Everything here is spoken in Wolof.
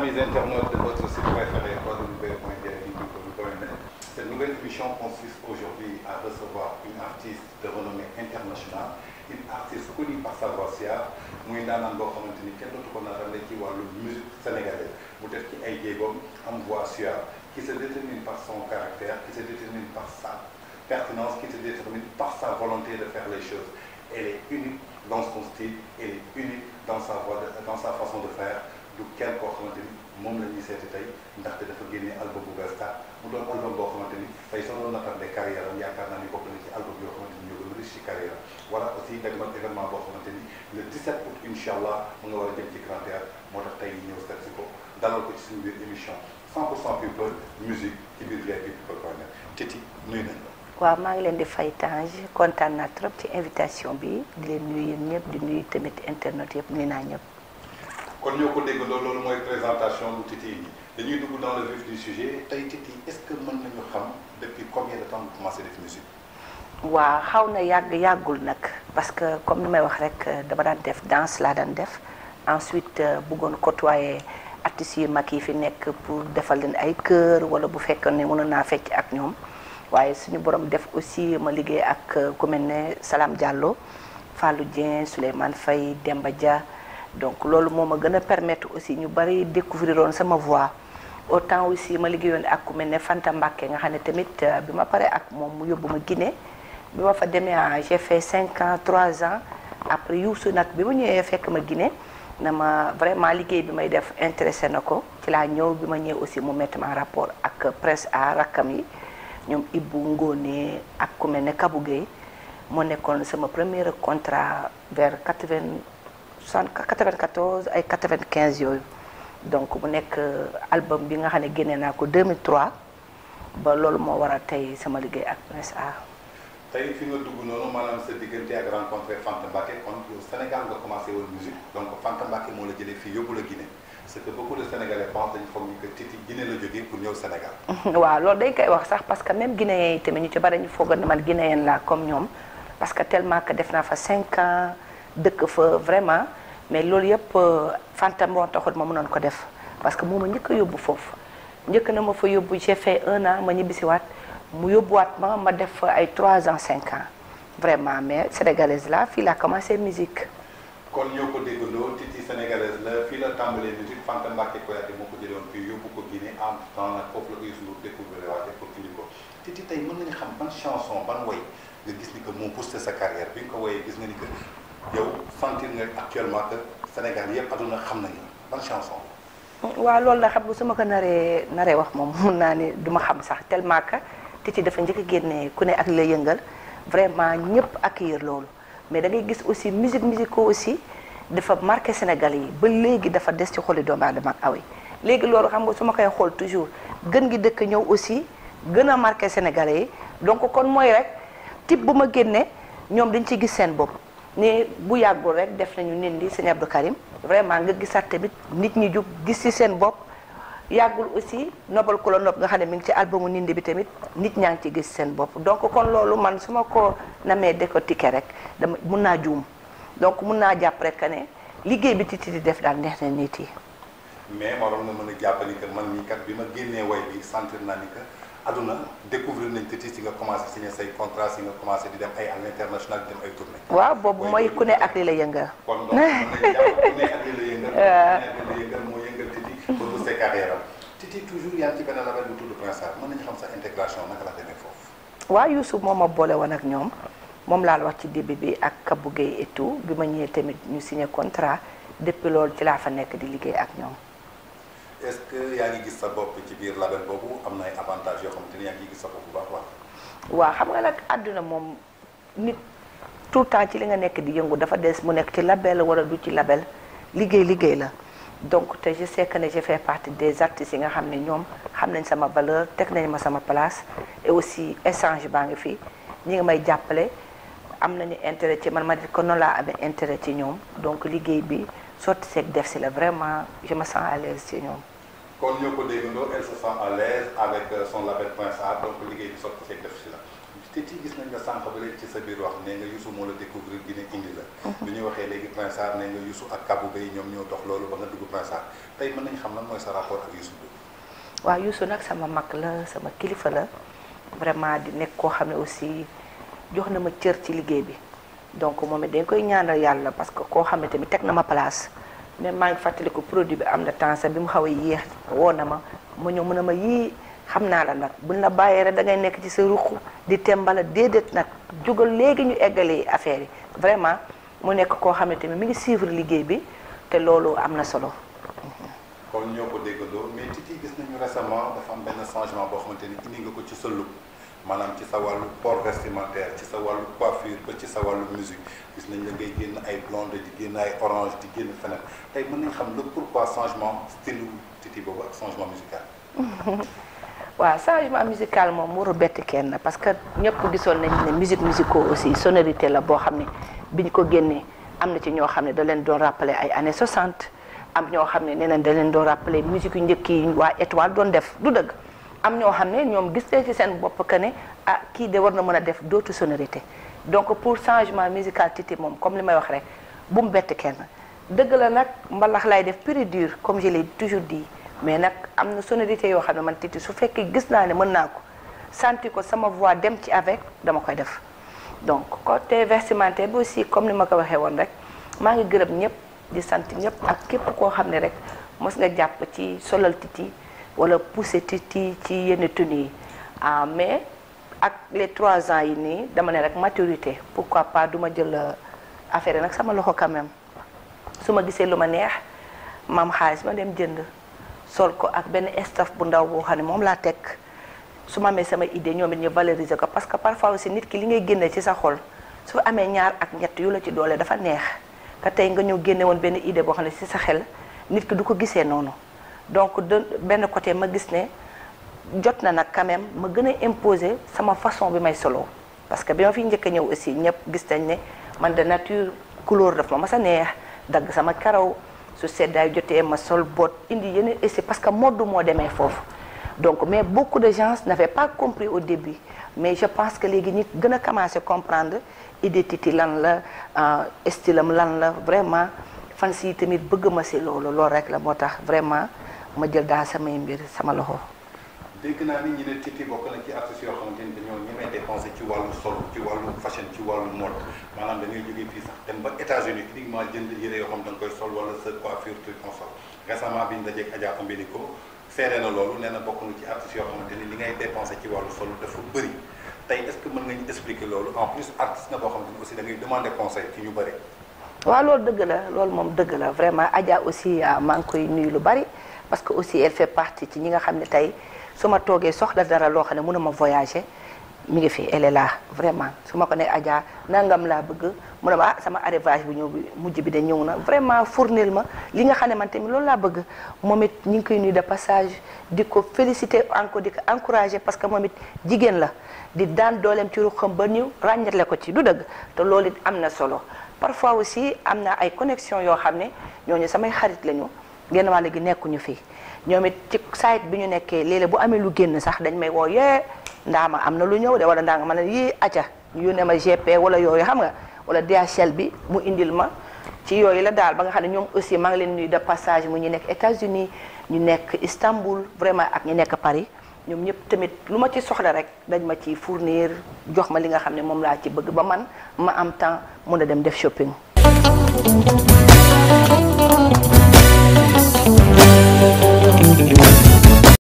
Mes internautes de votre site préféré www.diarédicule.net. Cette nouvelle émission consiste aujourd'hui à recevoir une artiste de renommée internationale, une artiste connue par sa voix siyaar comme on boo xamante qui qu'on a ramené qui voit le musique sénégalaise peut def ci ay a am voix qui se détermine par son caractère qui se détermine par sa pertinence qui se détermine par sa volonté de faire les choses elle est unique dans son style elle est unique dans sa voix dans sa façon de faire du kenn koo xamante ni moom la ñuy seeti tey ndaxte dafa génnee album bu bees tax mu doon album boo xamante ni tey soo doon nattante carrière yaakaar naa ni bokk na ci album yoo xamante ni ñoo gën a riche ci carrière am wala aussi nag man événement boo xamante ni le 17 août incha allah mu nga war a jëm ci Grand moo tax tey ñëw seet si ko dalal ko ci suñu biir émission 100 pour cent people musique ci biir VIP people point net Titi nuyu nañ la. waaw maa ngi leen di fay Tange kontaan naa trop invitation bi di leen nuyu ñëpp di nuyu internet yëpp nuyu naa ñëpp. kon ñoo ko déggandoo loolu mooy présentation lu Titi yi dañuy dugg dans le vif du sujet tey Titi est-ce que mën nañu xam depuis combien de temps nga commencé def musique. waaw xaw na yàgg yàggul nag parce que comme ni may wax rek euh, dama daan def danse laa daan def ensuite euh, bëggoon côtoyer artistes yu mag yi fi nekk pour defal leen ay kër wala bu fekkoon ne mënoon naa fecc ak ñoom waaye suñu borom def aussi ma liggéey ak euh, ku mel Salam Diallo Fallou Dieng Souleymane Faye Demba Dia donc loolu moma gëna permettre aussi ñu bari découvrir woon sama voix autant aussi ma liggéeyoon ak ku mel Fanta Mbacké nga xamné tamit euh, bima paré ak mom mu yobuma ma Guinée bi fa démé ah, j'ai fait cinq ans trois ans après Youssou nag bi ma fekk ma Guinée na vraiment liggéey bi may def intéressé n'ako ci la ñëw bima ñëw aussi mu mettre ma en rapport ak presse à rakkam yi ñoom Ibou Ngone ak ku mel ne Kabou Gueye moo sama premier contrat vers 80 94 et 95 yooyu donc mu nekk euh, album bi nga xam ne ko 2003 ba loolu moo waral tey sama liggéey ak Prince Art. tey fi nga dugg noonu maanaam sa diggante ak rencontré Fanta Mbacké kon yow Sénégal nga commencé musique donc Fanta Mbacké moo la jëlee fii yóbbu la Guinée parce que beaucoup de Sénégalais pensent dañu foog ñu ko Titi Guinée la jógee pour ñëw Sénégal. Wa loolu dañ koy wax sax parce que même Guinéen yi tamit ñu ci bari ñu foogoon man Guinéen laa comme ñoom parce que tellement que def naa fa 5 ans dëkk fa vraiment mais loolu yëpp euh, fanta moo taxoon ma mënoon ko def parce que moom a njëkk a yóbbu foofu njëkk na ma fa yóbbu j'ai fait un an ma ñibbisiwaat mu yóbbuwaat ma ma def ay 3 ans 5 ans vraiment mais sénégalaise la fii la commencé musique kon ñoo ko déggandoo Titi sénégalaise la fii la tàmbalee musique Fanta Mbacké Kouyaté moo ko jëloon fii yóbbu ko Guinée en temps nag foofu la ko Youssou Ndour découvrir waate pour indi ko Titi tey mën nañu xam ban chanson ban woy nga gis ni que moo boosté sa carrière bi nga ko woyee gis nga ni que yow sentir nga actuellement que Sénégal yëpp aduna xam nañu ban chanson. waaw loolu la xam bu sama ko naree naree wax moom mun naa ne duma xam sax tellement que Titi dafa njëkk a génne ku ne ak la yëngal vraiment ñëpp accueillir loolu mais da ngay gis aussi musique musicale aussi dafa marqué Sénégal yi ba léegi dafa des ci xoli doomu aadama ak aw yi léegi loolu xam nga su ma koy xool toujours gën gi dëkk ñëw aussi gën a marqué Sénégalais yi donc kon mooy rek type bu ma génne ñoom dañ ci gis seen bopp ni bu yàggul rek def nañu nindi sëñ Abdou Karim vraiment nga gisaat tamit nit ñi jug gis ci seen bopp yàggul aussi nobal ku la nopp nga xam ne mi ngi ci albumu nindi bi tamit nit ñaa ngi ci gis seen bopp donc kon loolu man su ma ko namee décortiquer rek dama mun naa juum donc mun naa jàpp rek ne liggéey bi Titi di def daal neex na nit yi mais waroon na mën a jàppali que man mii kat bi ma génnee way bi sentir naa aduna découvrir nañ Tétis si nga commencé signé say contrat si nga commencé di dem ay à l'international di dem ay tournée. waaw boobu mooy ku ne ak li la yëngal. kon donc ku ne ak li la yëngal. waaw li la moo yëngal Tétis. pour pousser carrière am. Tétis toujours yaa ci benn label bu tudd Prince Art mën nañu xam sa intégration naka la demee foofu. waaw Youssou moo ma boole woon ak ñoom moom laa la wax ci début bi ak Kabou Gueye et tout bi ma ñëwee tamit ñu signé contrat depuis loolu ci laa fa nekk di liggéey ak ñoom est-ce que yaa ngi gis sa bopp ci biir label boobu am na ay avantages yoo xamante ni yaa ngi gis sa bopp bu baax waaw. waaw xam nga nag àdduna moom nit tout temps ci li nga nekk di yëngu dafa des mu nekk ci label wala du ci label liggéey liggéey la donc te je sais que ne je fais partie des artistes yi nga xam ne ñoom xam nañ sama valeur teg nañ ma sama place et aussi échange baa ngi fi ñi ngi may jàppale am nañu intérêt ci man ma dit ko noonu laa amee intérêt ci ñoom donc liggéey bi sotti seeg def si la vraiment je me sens à l'aise ci ñoom kon ñoo ko déggandoo elle se sent à l'aise avec euh, son label Prince donc liggéey bi sotti seeg def si la te ci gis nañ nga sànq ba léegi ci sa biir wax ne nga Youssou moo la découvrir dina indi la mm-hmm. bi ñu waxee léegi Prince Art ne nga Youssou ak Kabou Bey ñoom ñoo dox loolu ba nga dugg Prince Art tey mën nañ xam na mooy sa rapport ak Youssou bi waaw Youssou nag sama mag la sama kilifa la vraiment di nekk koo xam ne aussi jox na ma cër ci liggéey bi donc moom it dañ koy ñaanal yàlla parce que koo xam ne tamit teg na ma place mais maa ngi fàttaliku produit bi am na temps bi mu xaw a yéex woo na ma ma ñëw mu a ma yii xam naa la nag buñ la bàyyee rek da nekk ci sa ruq di tembala déedéet nag jógal léegi ñu eggale affaire yi vraiment mu nekk koo xam ne tamit mi ngi suivre liggéey bi te loolu am na solo. kon ñoo ko déggandoo mais Titi gis nañu récemment dafa am changement boo xamante ni indi nga ko ci sa maanaam ci sa wàllu port vestimentaire ci sa wàllu coiffure ba ci sa wàllu musique gis nañ la ngay génn ay blonde di génn ay orange di génn feneen tey mën nañ xam le pourquoi changement style Titi boobu ak changement musical waaw changement musical moom waru bett kenn parce que ñëpp gisoon nañ ne musique musicaux aussi sonorité la boo xam ne biñ ko génnee am na ci ñoo xam ne da leen doon rappeler ay années 60 am ñoo xam ne nee da leen doon rappeler musique yu njëkk yi waa étoile doon def du dëgg am ñoo xam ne ñoom gis ne ci seen bopp que ne ah kii de war na mën a def dootu sonorité donc pour changement musical Titi moom comme li may wax rek bu mu bett kenn dëgg la nag mbalax lay def pure dure comme je toujours di mais nag am na sonorité yoo xam ne man Titi su fekkee gis naa ne mën naa ko santi ko sama voix dem ci avec dama koy def donc côté vestimentaire bi aussi comme ni ma ko waxee woon rek maa ngi gërëm ñëpp di santi ñëpp ak képp koo xam ne rek mos nga jàpp ci solal Titi wala poussé ci ci ci yenn tenue ah mais ak les 3 ans yi nii dama né rek maturité pourquoi pas duma jël euh, affaire nak sama loxo quand même suma gissé luma lu ma neex maam xaalis ma dem jënd sol ko ak ben staff bu ndaw bo xam mom la laa suma su sama idée ñoom it ñu valoriser ko parce que parfois aussi nit ki li ngay génne ci sa xol su amé ñaar ak ñett yu la ci doolé dafa neex ka tay nga ñëw génne won ben idée bo xam ci sa xel nit ki du ko gisee noonu donc de côté ma gis quand même ma façon bi solo parce que bi fi aussi je suis de nature couleur daf ma ma sol indi parce que mode de donc mais beaucoup de gens n'avaient pas compris au début mais je pense que les gens ont commencé comprendre identité de la euh, la vraiment fancy tamit bëgg ma c'est rek la vraiment ma jël daa samay mbir sama loxo. dégg naa ni ñu ne Titi bokk na ci artistes yoo xamante ni dañoo ñemee dépensé ci wàllu sol ci wàllu fashion ci wàllu mode maanaam da ngay jógee fii sax dem ba États-Unis uniquement jënd yére yoo xam da nga koy sol wala sa coiffure tout en sol récemment bi ñu dajeeg Adja Ambeniko seere na loolu nee na bokk na ci artistes yoo xamante ni li ngay dépensé ci wàllu sol dafa bëri tey est-ce que mën nga ñu expliquer loolu en plus artiste nga boo xamante ni aussi da ngay demander conseil ci ñu bëri. waaw loolu dëgg la loolu moom dëgg la vraiment Adja aussi ah, maa ngi koy nuyu lu bari parce que aussi elle fait partie ci ñi nga xam ne tey su soxla dara lo xamné mëna ma voyager mi ngi fi elle est là vraiment suma ko né Adja nangam la bëgg mëna ne ma ah, sama arrivage bu ñëw mujj bi de ñëw na vraiment fournel ma li nga xamné man tamit loolu la bëgg momit it ngi koy nuyu de passage di ko féliciter encore di ko encourager parce que momit jigen la di daan dooleem ci ruxam ba ñu ràññatle ko ci du dëgg te loolu it am na solo parfois aussi am na ay connexion yoo xam ne ñooñu samay xarit lañu génn wàll gi nekkuñu fi ñoom it ci site bi ñu nekkee léeg bu amee lu génn sax dañ may woo yee ndaama am na lu ñëw de wala ndaama ma ne yii acca yu ne ma GP wala yooyu xam nga wala DHL bi mu indil ma ci yooyu la daal ba nga xam ne ñoom aussi maa ngi leen nuyu de passage mu ñu nekk États-Unis ñu nekk Istanbul vraiment ak ñu nekk Paris ñoom ñëpp tamit lu ma ci soxla rek dañ ma ci fournir jox ma li nga xam ne moom laa ci bëgg ba man ma am temps mun a dem def shopping.